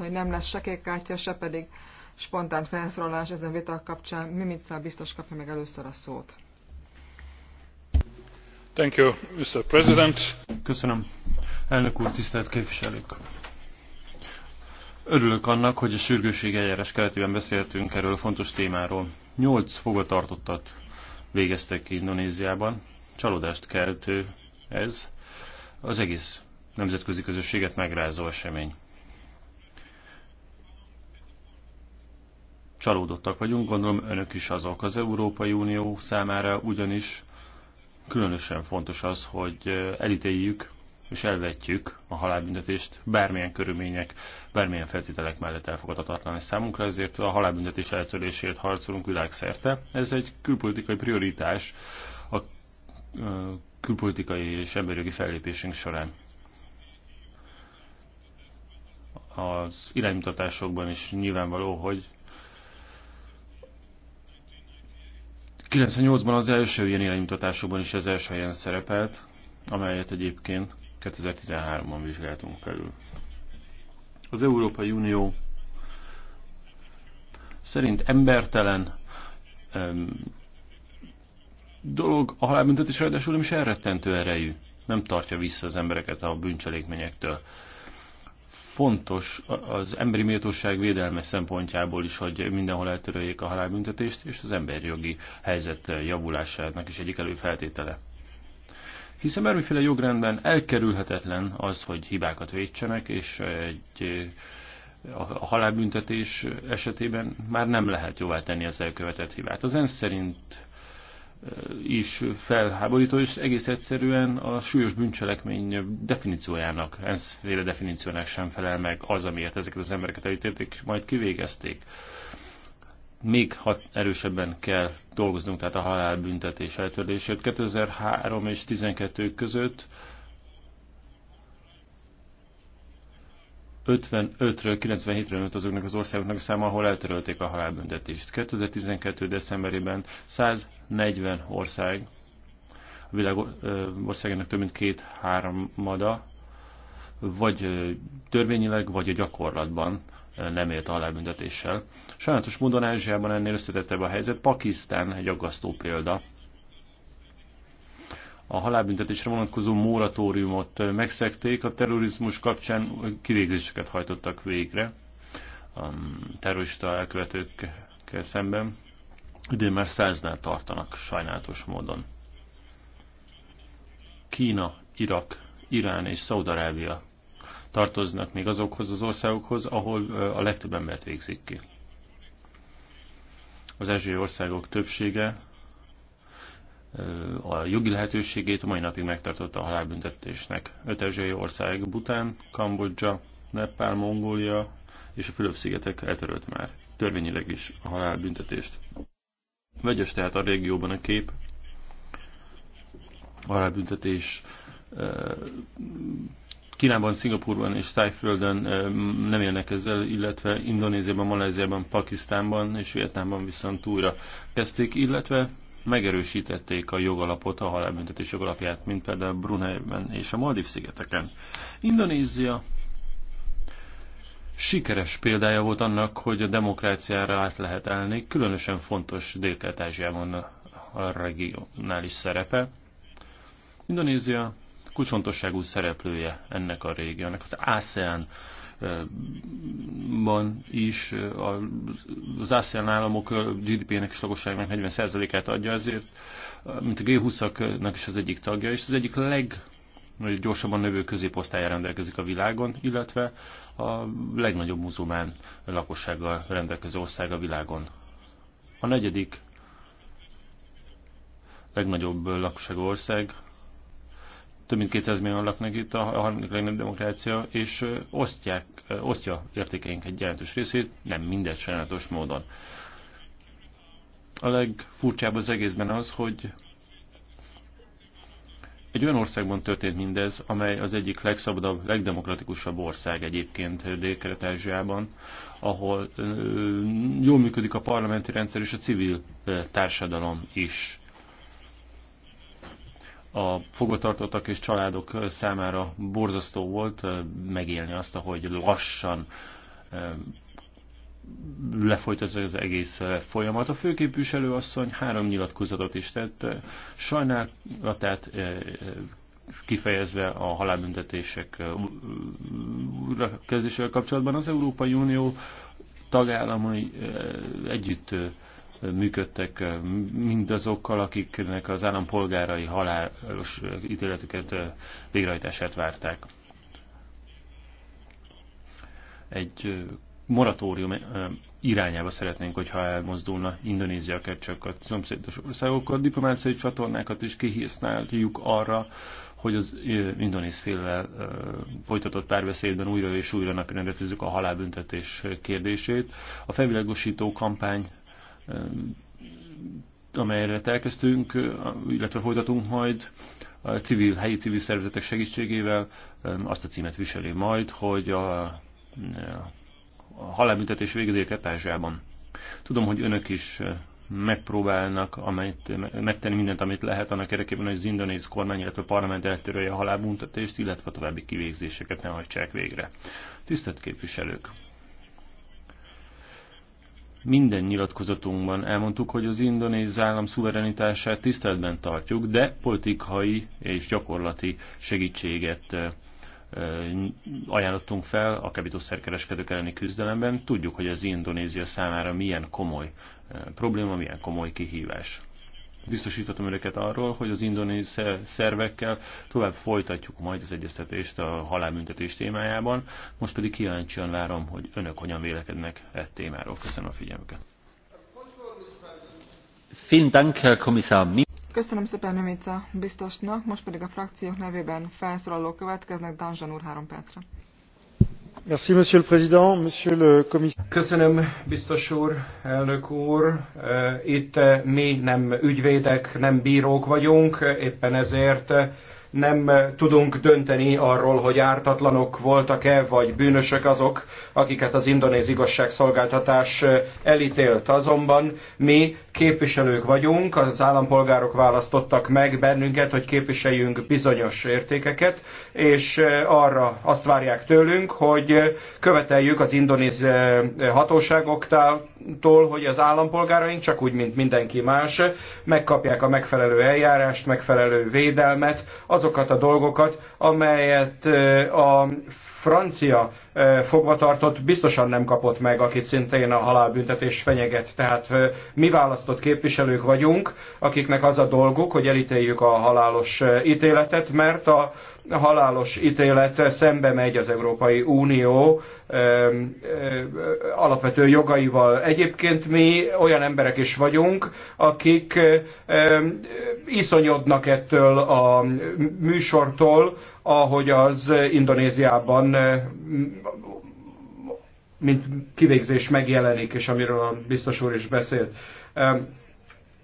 Hogy nem lesz se kék kártya, se pedig spontán felszólalás ezen vita kapcsán. Mimica biztos kapja meg először a szót. Thank you, Mr. President. Köszönöm. Elnök úr, tisztelt képviselők! Örülök annak, hogy a sürgőség eljárás keretében beszéltünk erről a fontos témáról. Nyolc fogatartottat végeztek ki Indonéziában. Csalódást keltő ez. Az egész nemzetközi közösséget megrázó esemény. Csalódottak vagyunk, gondolom önök is azok. Az Európai Unió számára ugyanis különösen fontos az, hogy elítéljük és elvetjük a halálbüntetést bármilyen körülmények, bármilyen feltételek mellett elfogadhatatlan és számunkra, ezért a halálbüntetés eltörlésért harcolunk világszerte. Ez egy külpolitikai prioritás a külpolitikai és emberjogi fellépésünk során. Az iránymutatásokban is nyilvánvaló, hogy 98-ban az első ilyen iránymutatásokban is ez első helyen szerepelt, amelyet egyébként 2013-ban vizsgáltunk felül. Az Európai Unió szerint embertelen um, dolog, a halálbüntetés ráadásul nem is elrettentő erejű. Nem tartja vissza az embereket a bűncselekményektől fontos az emberi méltóság védelme szempontjából is, hogy mindenhol eltöröljék a halálbüntetést, és az emberjogi helyzet javulásának is egyik előfeltétele. Hiszen bármiféle jogrendben elkerülhetetlen az, hogy hibákat védsenek, és egy a halálbüntetés esetében már nem lehet jóvá tenni az elkövetett hibát. Az ENSZ szerint is felháborító, és egész egyszerűen a súlyos bűncselekmény definíciójának, ezféle definíciónak sem felel meg az, amiért ezeket az embereket elítélték, és majd kivégezték. Még hat erősebben kell dolgoznunk, tehát a halálbüntetés eltörlését. 2003 és 2012 között 55-ről 97-re nőtt azoknak az országoknak a száma, ahol eltörölték a halálbüntetést. 2012. decemberében 140 ország, a világ országának több mint két-hármada, vagy törvényileg, vagy a gyakorlatban nem élt a halálbüntetéssel. Sajnálatos módon Ázsiában ennél összetettebb a helyzet. Pakisztán egy aggasztó példa a halálbüntetésre vonatkozó moratóriumot megszekték, a terrorizmus kapcsán kivégzéseket hajtottak végre a terrorista elkövetőkkel szemben. Idén már száznál tartanak sajnálatos módon. Kína, Irak, Irán és Szaudarábia tartoznak még azokhoz az országokhoz, ahol a legtöbb embert végzik ki. Az ázsiai országok többsége a jogi lehetőségét mai napig megtartotta a halálbüntetésnek. Öt ázsiai ország Bután, Kambodzsa, Nepál, Mongólia és a Fülöp-szigetek eltörölt már törvényileg is a halálbüntetést. Vegyes tehát a régióban a kép, a halálbüntetés Kínában, Szingapurban és Tájföldön nem élnek ezzel, illetve Indonéziában, Maláziában, Pakisztánban és Vietnámban viszont újra kezdték, illetve megerősítették a jogalapot, a halálbüntetés jogalapját, mint például Bruneiben és a Maldiv szigeteken Indonézia sikeres példája volt annak, hogy a demokráciára át lehet állni, különösen fontos Dél-Kelet-Ázsiában a regionális szerepe. Indonézia kulcsfontosságú szereplője ennek a régiónak. Az ASEAN ban is eh, az ASEAN államok eh, GDP-nek és lakosságnak 40%-át adja, ezért mint a G20-aknak is az egyik tagja, és az egyik leg gyorsabban növő középosztálya rendelkezik a világon, illetve a legnagyobb muzulmán lakossággal rendelkező ország a világon. A negyedik legnagyobb lakosságú ország több mint 200 millióan laknak itt, a harmadik legnagyobb demokrácia, és osztják, osztja értékeink egy jelentős részét, nem mindegy sajnálatos módon. A legfurcsább az egészben az, hogy egy olyan országban történt mindez, amely az egyik legszabadabb, legdemokratikusabb ország egyébként Dél-Kelet-Ázsiában, ahol jól működik a parlamenti rendszer és a civil társadalom is a fogvatartottak és családok számára borzasztó volt megélni azt, hogy lassan lefolyt ez az egész folyamat. A főképviselő asszony három nyilatkozatot is tett, sajnálatát kifejezve a halálbüntetések kezdésével kapcsolatban az Európai Unió tagállamai együtt működtek mindazokkal, akiknek az állampolgárai halálos ítéletüket végrehajtását várták. Egy moratórium irányába szeretnénk, hogyha elmozdulna Indonézia, csak a szomszédos országokat, diplomáciai csatornákat is kihisználjuk arra, hogy az indonéz féllel folytatott párbeszédben újra és újra napirendre tűzzük a halálbüntetés kérdését. A felvilágosító kampány amelyre telkeztünk, illetve folytatunk majd a civil, helyi civil szervezetek segítségével azt a címet viseli majd, hogy a, a halálbüntetés végedéket Tudom, hogy önök is megpróbálnak amelyet, megtenni mindent, amit lehet annak érdekében, hogy az indonéz kormány, illetve a parlament eltörölje a halálbüntetést, illetve a további kivégzéseket ne hajtsák végre. Tisztelt képviselők! Minden nyilatkozatunkban elmondtuk, hogy az indonéz állam szuverenitását tiszteletben tartjuk, de politikai és gyakorlati segítséget ajánlottunk fel a kábítószerkereskedők elleni küzdelemben. Tudjuk, hogy az Indonézia számára milyen komoly probléma, milyen komoly kihívás biztosítatom önöket arról, hogy az indonéz szervekkel tovább folytatjuk majd az egyeztetést a halálbüntetés témájában. Most pedig kíváncsian várom, hogy önök hogyan vélekednek e témáról. Köszönöm a figyelmüket. Köszönöm szépen Mimica biztosnak, most pedig a frakciók nevében felszólaló következnek, Danzsan úr három percre. Köszönöm, biztos úr, elnök úr. Itt mi nem ügyvédek, nem bírók vagyunk, éppen ezért nem eh, tudunk dönteni arról, hogy ártatlanok voltak-e, vagy bűnösök azok, akiket az indonéz igazságszolgáltatás eh, elítélt. Azonban mi képviselők vagyunk, az állampolgárok választottak meg bennünket, hogy képviseljünk bizonyos értékeket, és eh, arra azt várják tőlünk, hogy követeljük az indonéz hatóságoktól, hogy az állampolgáraink csak úgy, mint mindenki más, megkapják a megfelelő eljárást, megfelelő védelmet, az azokat a dolgokat, amelyet a francia fogvatartott biztosan nem kapott meg, akit szintén a halálbüntetés fenyeget. Tehát mi választott képviselők vagyunk, akiknek az a dolguk, hogy elítéljük a halálos ítéletet, mert a halálos ítélet szembe megy az Európai Unió alapvető jogaival. Egyébként mi olyan emberek is vagyunk, akik iszonyodnak ettől a műsortól, ahogy az Indonéziában eh, mint kivégzés megjelenik, és amiről a biztos úr is beszélt.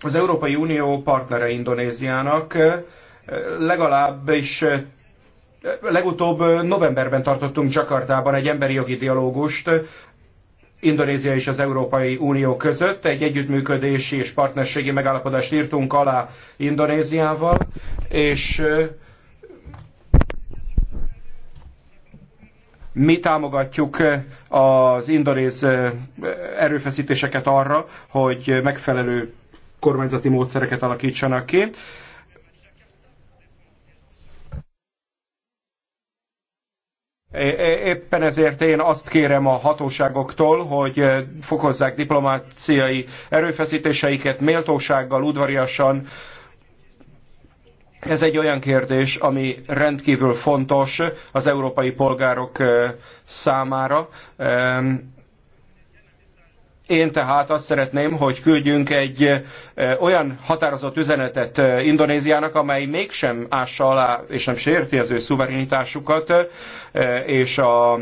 Az Európai Unió partnere Indonéziának eh, legalábbis eh, legutóbb novemberben tartottunk Jakartában egy emberi jogi dialógust Indonézia és az Európai Unió között. Egy együttműködési és partnerségi megállapodást írtunk alá Indonéziával, és Mi támogatjuk az indonéz erőfeszítéseket arra, hogy megfelelő kormányzati módszereket alakítsanak ki. Éppen ezért én azt kérem a hatóságoktól, hogy fokozzák diplomáciai erőfeszítéseiket méltósággal, udvariasan, ez egy olyan kérdés, ami rendkívül fontos az európai polgárok számára. Én tehát azt szeretném, hogy küldjünk egy olyan határozott üzenetet Indonéziának, amely mégsem ássa alá és nem sérti az ő szuverenitásukat és a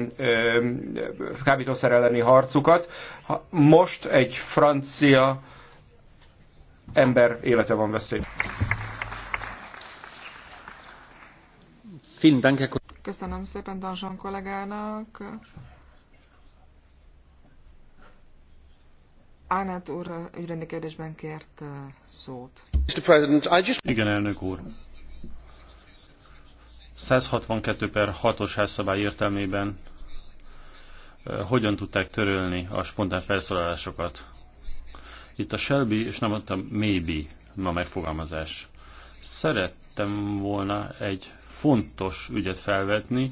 kábítószer elleni harcukat. Most egy francia ember élete van veszélyben. Köszönöm szépen Danzson kollégának. Ánát úr ügyrendi kérdésben kért szót. Igen, elnök úr. 162 per 6-os házszabály értelmében hogyan tudták törölni a spontán felszólalásokat. Itt a Shelby és nem mondtam maybe ma megfogalmazás. Szerettem volna egy fontos ügyet felvetni.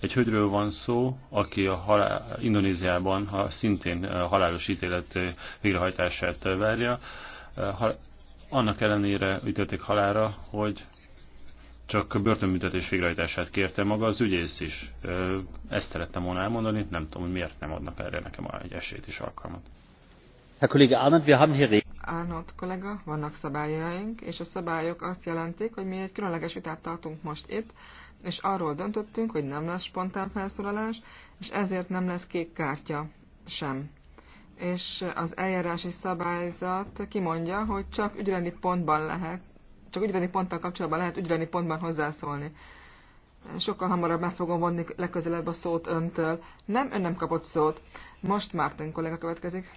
Egy hölgyről van szó, aki a halál, Indonéziában ha szintén eh, halálos ítélet eh, végrehajtását várja. Eh, ha, annak ellenére ítélték halára, hogy csak börtönbüntetés végrehajtását kérte maga az ügyész is. Ezt szerettem volna elmondani, nem tudom, hogy miért nem adnak erre nekem egy esélyt is alkalmat. Herr Kollege Arnold, wir haben hier Arnold kollega, vannak szabályaink, és a szabályok azt jelentik, hogy mi egy különleges vitát tartunk most itt, és arról döntöttünk, hogy nem lesz spontán felszólalás, és ezért nem lesz kék kártya sem. És az eljárási szabályzat kimondja, hogy csak ügyrendi pontban lehet, csak ügyrendi ponttal kapcsolatban lehet ügyrendi pontban hozzászólni. Sokkal hamarabb meg fogom vonni legközelebb a szót öntől. Nem, ön nem kapott szót. Most Márten kollega következik.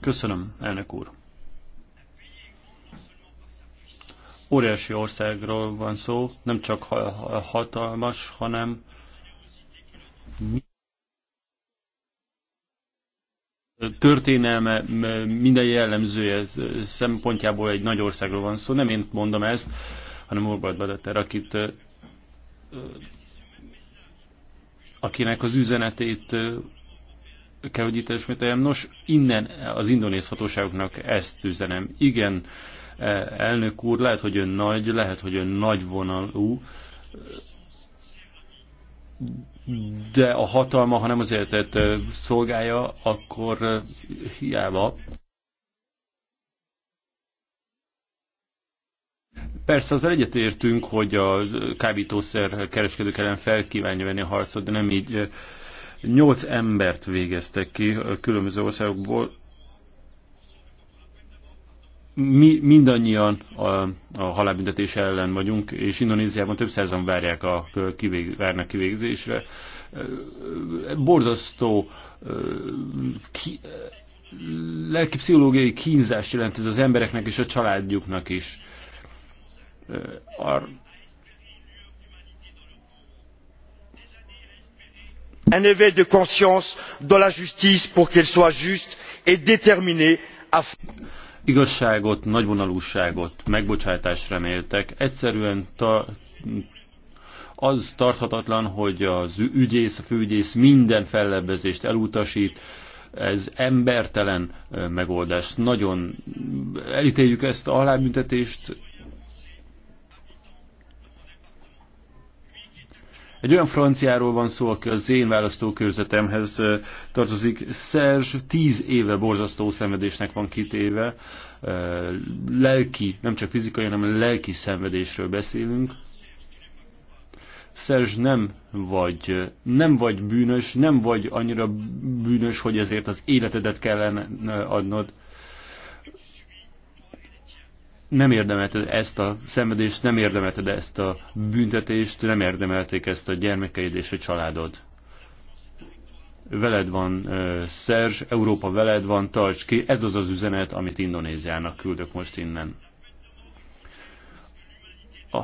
Köszönöm, elnök úr. Óriási országról van szó, nem csak hatalmas, hanem történelme, minden jellemzője szempontjából egy nagy országról van szó. Nem én mondom ezt, hanem Orbán Badater akit akinek az üzenetét kell, hogy itt ismételjem. Nos, innen az indonéz hatóságoknak ezt üzenem. Igen, e, elnök úr, lehet, hogy ön nagy, lehet, hogy ön nagy vonalú, de a hatalma, ha nem az életet e, szolgálja, akkor e, hiába. Persze azzal egyetértünk, hogy a kábítószer kereskedők ellen fel kívánja venni a harcot, de nem így Nyolc embert végeztek ki a különböző országokból. Mi mindannyian a, a halálbüntetés ellen vagyunk, és Indonéziában több százan várják a, kivég, várnak kivégzésre. Borzasztó ki, pszichológiai kínzást jelent ez az embereknek és a családjuknak is. un éveil de conscience dans la justice pour qu'elle soit juste et déterminée à igazságot, nagyvonalúságot, megbocsátást reméltek. Egyszerűen ta, az tarthatatlan, hogy az ügyész, a főügyész minden fellebbezést elutasít, ez embertelen megoldás. Nagyon elítéljük ezt a halálbüntetést, Egy olyan franciáról van szó, aki az én választókörzetemhez tartozik. Szerzs tíz éve borzasztó szenvedésnek van kitéve. Lelki, nem csak fizikai, hanem lelki szenvedésről beszélünk. Szerzs nem vagy, nem vagy bűnös, nem vagy annyira bűnös, hogy ezért az életedet kellene adnod nem érdemelted ezt a szenvedést, nem érdemelted ezt a büntetést, nem érdemelték ezt a gyermekeid és a családod. Veled van, uh, Szerzs, Európa veled van, tarts ki. Ez az az üzenet, amit Indonéziának küldök most innen. A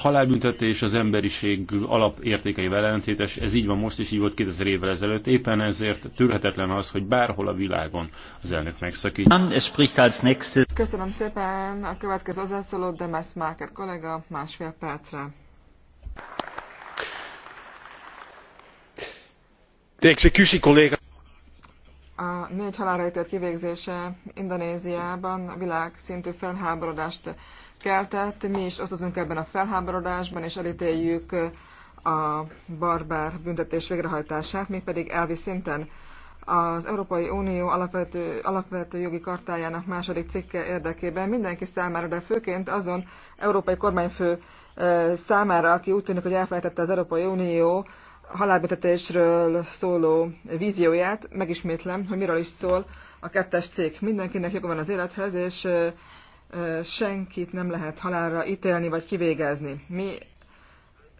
halálbüntetés az emberiség alapértékeivel ellentétes, ez így van most is, így volt 2000 évvel ezelőtt, éppen ezért tűrhetetlen az, hogy bárhol a világon az elnök megszakít. Köszönöm szépen, a következő de Demes Máker kollega másfél percre. De executie A négy halálra kivégzése Indonéziában világszintű felháborodást keltett. Mi is osztozunk ebben a felháborodásban, és elítéljük a barbár büntetés végrehajtását, mégpedig elvi szinten. Az Európai Unió alapvető, alapvető jogi kartájának második cikke érdekében mindenki számára, de főként azon európai kormányfő számára, aki úgy tűnik, hogy elfelejtette az Európai Unió halálbüntetésről szóló vízióját, megismétlem, hogy miről is szól a kettes cikk. Mindenkinek joga van az élethez, és senkit nem lehet halálra ítélni vagy kivégezni. Mi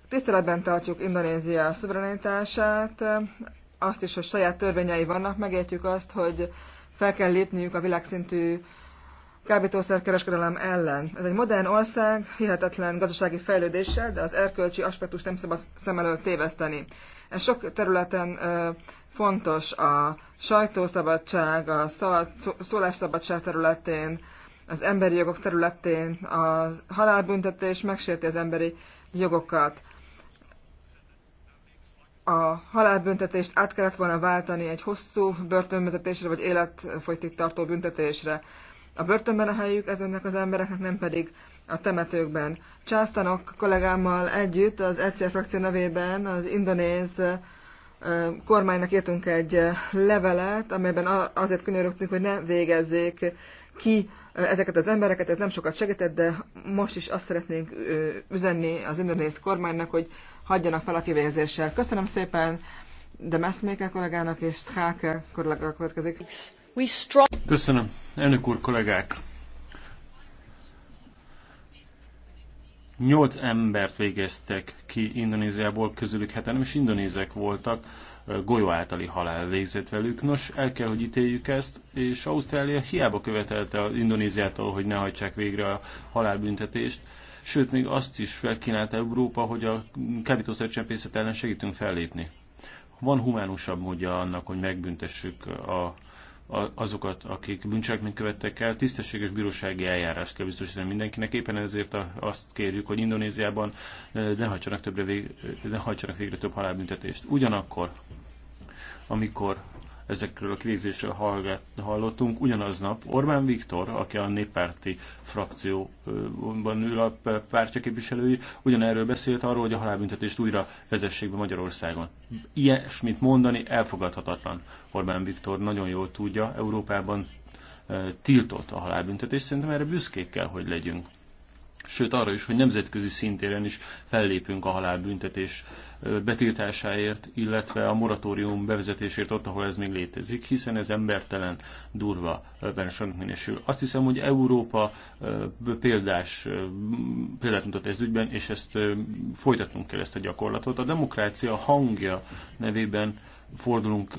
tiszteletben tartjuk Indonézia szuverenitását, azt is, hogy saját törvényei vannak, megértjük azt, hogy fel kell lépniük a világszintű kábítószerkereskedelem ellen. Ez egy modern ország, hihetetlen gazdasági fejlődéssel, de az erkölcsi aspektust nem szabad szem elől téveszteni. Ez sok területen fontos a sajtószabadság, a szabad, szólásszabadság területén, az emberi jogok területén. A halálbüntetés megsérti az emberi jogokat. A halálbüntetést át kellett volna váltani egy hosszú börtönbüntetésre vagy életfogytig tartó büntetésre. A börtönben a helyük ezeknek az embereknek, nem pedig a temetőkben. Császtanok kollégámmal együtt az ECR frakció nevében az indonéz kormánynak írtunk egy levelet, amelyben azért könyörögtünk, hogy ne végezzék ki ezeket az embereket, ez nem sokat segített, de most is azt szeretnénk üzenni az indonéz kormánynak, hogy hagyjanak fel a kivégzéssel. Köszönöm szépen de Messmaker kollégának és Schalke kollégának következik. Köszönöm. Elnök úr, kollégák! Nyolc embert végeztek ki Indonéziából, közülük heten nem is indonézek voltak golyó általi halál végzett velük. Nos, el kell, hogy ítéljük ezt, és Ausztrália hiába követelte az Indonéziától, hogy ne hajtsák végre a halálbüntetést, sőt, még azt is felkínálta Európa, hogy a kábítószercsempészet ellen segítünk fellépni. Van humánusabb módja annak, hogy megbüntessük a azokat, akik bűncselekményt követtek el, tisztességes bírósági eljárást kell biztosítani mindenkinek. Éppen ezért azt kérjük, hogy Indonéziában ne hajtsanak, többre vég, ne hajtsanak végre több halálbüntetést. Ugyanakkor, amikor ezekről a kivégzésről hallottunk. Ugyanaznap Orbán Viktor, aki a néppárti frakcióban ül a pártja képviselői, ugyanerről beszélt arról, hogy a halálbüntetést újra vezessék be Magyarországon. Ilyesmit mondani elfogadhatatlan. Orbán Viktor nagyon jól tudja, Európában e, tiltott a halálbüntetés, szerintem erre büszkék kell, hogy legyünk sőt arra is, hogy nemzetközi szintéren is fellépünk a halálbüntetés betiltásáért, illetve a moratórium bevezetésért ott, ahol ez még létezik, hiszen ez embertelen, durva bánásnak minősül. Azt hiszem, hogy Európa példás, példát mutat ez ügyben, és ezt folytatnunk kell ezt a gyakorlatot. A demokrácia hangja nevében fordulunk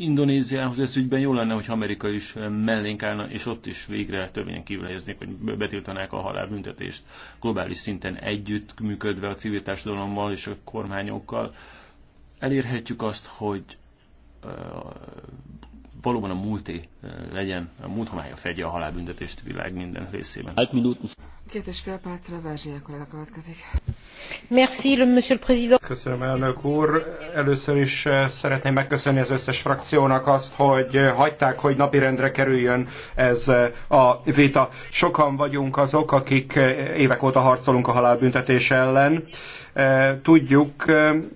Indonéziához ez ügyben jó lenne, hogy Amerika is mellénk állna, és ott is végre törvényen kívül helyeznék, hogy betiltanák a halálbüntetést globális szinten együtt működve a civil társadalommal és a kormányokkal. Elérhetjük azt, hogy uh, valóban a múlté legyen, a múlt homája fedje a halálbüntetést világ minden részében. Köszönöm, elnök úr. Először is eh, szeretném megköszönni az összes frakciónak azt, hogy eh, hagyták, hogy napirendre kerüljön ez eh, a vita. Sokan vagyunk azok, akik évek óta harcolunk a halálbüntetés ellen tudjuk,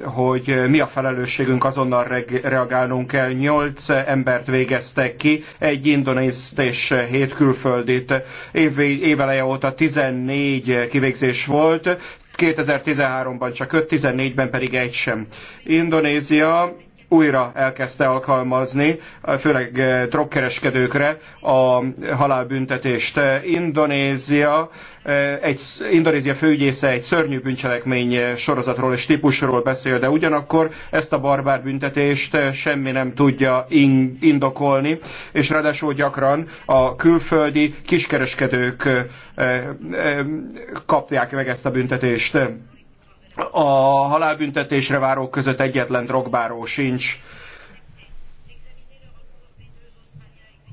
hogy mi a felelősségünk, azonnal reagálnunk kell. Nyolc embert végeztek ki, egy indonézt és hét külföldit. éveleje óta 10 14 kivégzés volt, 2013-ban csak 5, 14-ben pedig egy sem. Indonézia újra elkezdte alkalmazni, főleg eh, drogkereskedőkre a halálbüntetést. Indonézia, eh, egy, Indonézia főügyésze egy szörnyű bűncselekmény eh, sorozatról és típusról beszél, de ugyanakkor ezt a barbár büntetést semmi nem tudja indokolni, és ráadásul gyakran a külföldi kiskereskedők kapják meg ezt a büntetést a halálbüntetésre várók között egyetlen drogbáró sincs.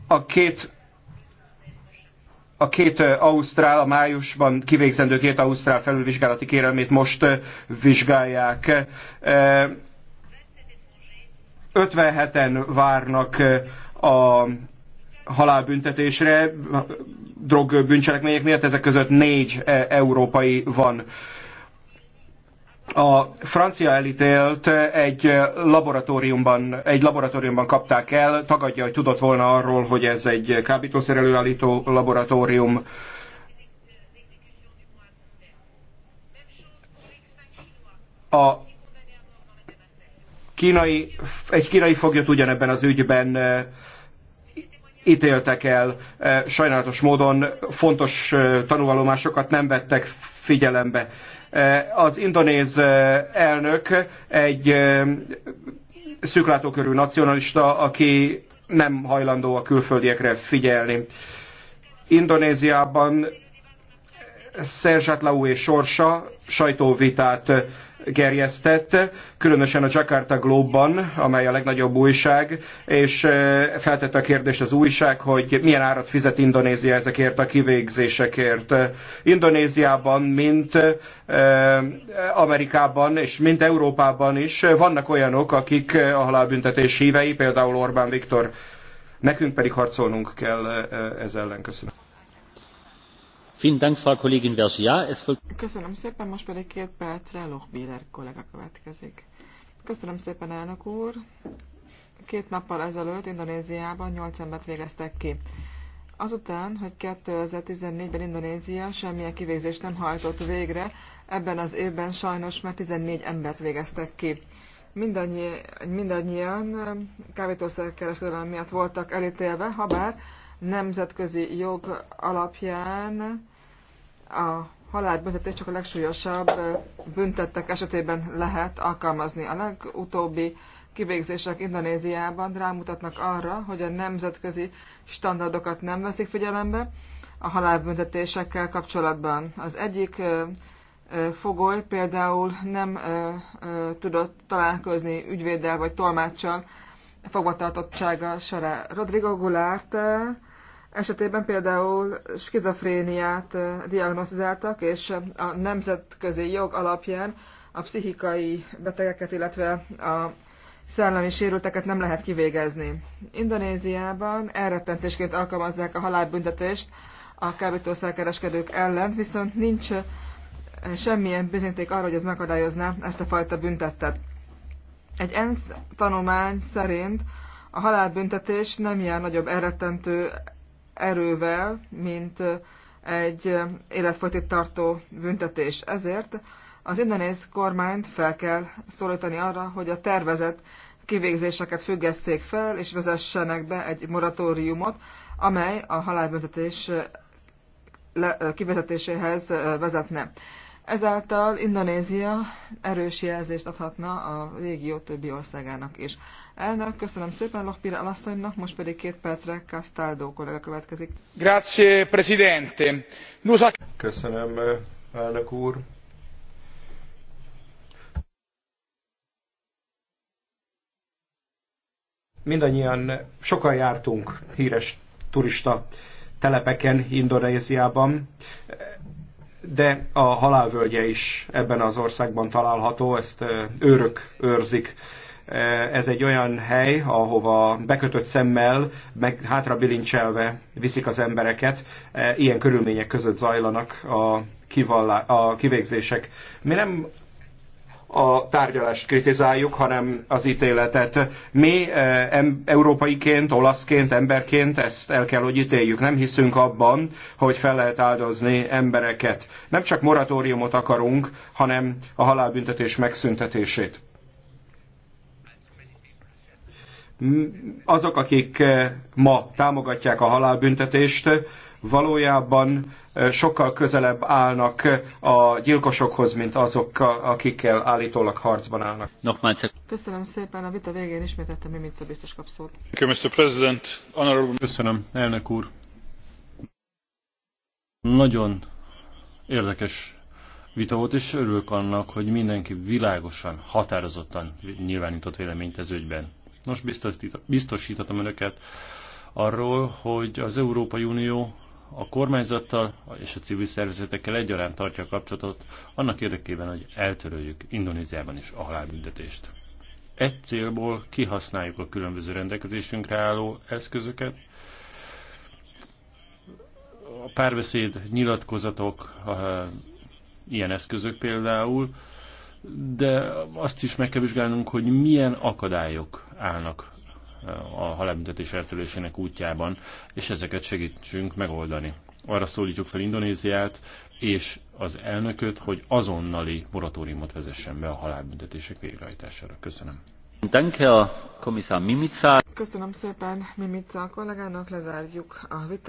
A két a két ausztrál, a májusban kivégzendő két ausztrál felülvizsgálati kérelmét most vizsgálják. 57-en várnak a halálbüntetésre drogbűncselekmények miatt, ezek között négy európai van a francia elítélt egy laboratóriumban, egy laboratóriumban kapták el, tagadja, hogy tudott volna arról, hogy ez egy kábítószer előállító laboratórium. A kínai, egy kínai foglyot ugyanebben az ügyben eh, ítéltek el. Eh, sajnálatos módon fontos eh, tanulvallomásokat nem vettek figyelembe Eh, az indonéz eh, elnök egy eh, szűklátókörű nacionalista, aki nem hajlandó a külföldiekre figyelni. Indonéziában Szerzsát Lau és sorsa sajtóvitát gerjesztett, különösen a Jakarta Globe-ban, amely a legnagyobb újság, és eh, feltette a kérdést az újság, hogy milyen árat fizet Indonézia ezekért a kivégzésekért. Indonéziában, mint eh, Amerikában és mint Európában is vannak olyanok, akik a halálbüntetés hívei, például Orbán Viktor. Nekünk pedig harcolnunk kell eh, ez ellen. Köszönöm. Köszönöm szépen, most pedig két percre Lochbíler kollega következik. Köszönöm szépen, elnök úr. Két nappal ezelőtt Indonéziában nyolc embert végeztek ki. Azután, hogy 2014-ben Indonézia semmilyen kivégzést nem hajtott végre, ebben az évben sajnos már 14 embert végeztek ki. Mindannyi, mindannyian um, kábítószerkereskedelem miatt voltak elítélve, habár nemzetközi jog alapján a halálbüntetés csak a legsúlyosabb büntettek esetében lehet alkalmazni. A legutóbbi kivégzések Indonéziában rámutatnak arra, hogy a nemzetközi standardokat nem veszik figyelembe a halálbüntetésekkel kapcsolatban. Az egyik fogoly például nem tudott találkozni ügyvéddel vagy tolmáccsal fogvatartottsága során. Rodrigo Goulart esetében például skizofréniát diagnosztizáltak, és a nemzetközi jog alapján a pszichikai betegeket, illetve a szellemi sérülteket nem lehet kivégezni. Indonéziában elrettentésként alkalmazzák a halálbüntetést a kábítószerkereskedők ellen, viszont nincs semmilyen bizonyíték arra, hogy ez megadályozná ezt a fajta büntettet. Egy ENSZ tanulmány szerint a halálbüntetés nem jár nagyobb elrettentő erővel, mint egy életfogytig tartó büntetés. Ezért az indonéz kormányt fel kell szólítani arra, hogy a tervezett kivégzéseket függesszék fel, és vezessenek be egy moratóriumot, amely a halálbüntetés kivezetéséhez vezetne. Ezáltal Indonézia erős jelzést adhatna a régió többi országának is. Elnök, köszönöm szépen Lokpira alasszonynak, most pedig két percre Castaldo kollega következik. Grazie, presidente. Nusa... Köszönöm, elnök úr. Mindannyian sokan jártunk híres turista telepeken Indonéziában de a halálvölgye is ebben az országban található, ezt őrök őrzik. Ez egy olyan hely, ahova bekötött szemmel, meg hátra bilincselve viszik az embereket. Ilyen körülmények között zajlanak a, kivallá, a kivégzések. Mi nem a tárgyalást kritizáljuk, hanem az ítéletet. Mi eh, európaiként, olaszként, emberként ezt el kell, hogy ítéljük. Nem hiszünk abban, hogy fel lehet áldozni embereket. Nem csak moratóriumot akarunk, hanem a halálbüntetés megszüntetését. Azok, akik eh, ma támogatják a halálbüntetést, valójában sokkal közelebb állnak a gyilkosokhoz, mint azok, akikkel állítólag harcban állnak. Köszönöm szépen, a vita végén ismételtem, mi mit biztos kap szót. Köszönöm, elnök úr. Nagyon érdekes vita volt, és örülök annak, hogy mindenki világosan, határozottan nyilvánított véleményt ez ügyben. Most biztosítatom önöket arról, hogy az Európai Unió a kormányzattal és a civil szervezetekkel egyaránt tartja a kapcsolatot, annak érdekében, hogy eltöröljük Indonéziában is a halálbüntetést. Egy célból kihasználjuk a különböző rendelkezésünkre álló eszközöket, a párbeszéd, nyilatkozatok, ilyen eszközök például, de azt is meg kell vizsgálnunk, hogy milyen akadályok állnak a halálbüntetés eltörlésének útjában, és ezeket segítsünk megoldani. Arra szólítjuk fel Indonéziát és az elnököt, hogy azonnali moratóriumot vezessen be a halálbüntetések végrehajtására. Köszönöm. Köszönöm szépen Mimica kollégának, lezárjuk a vitát.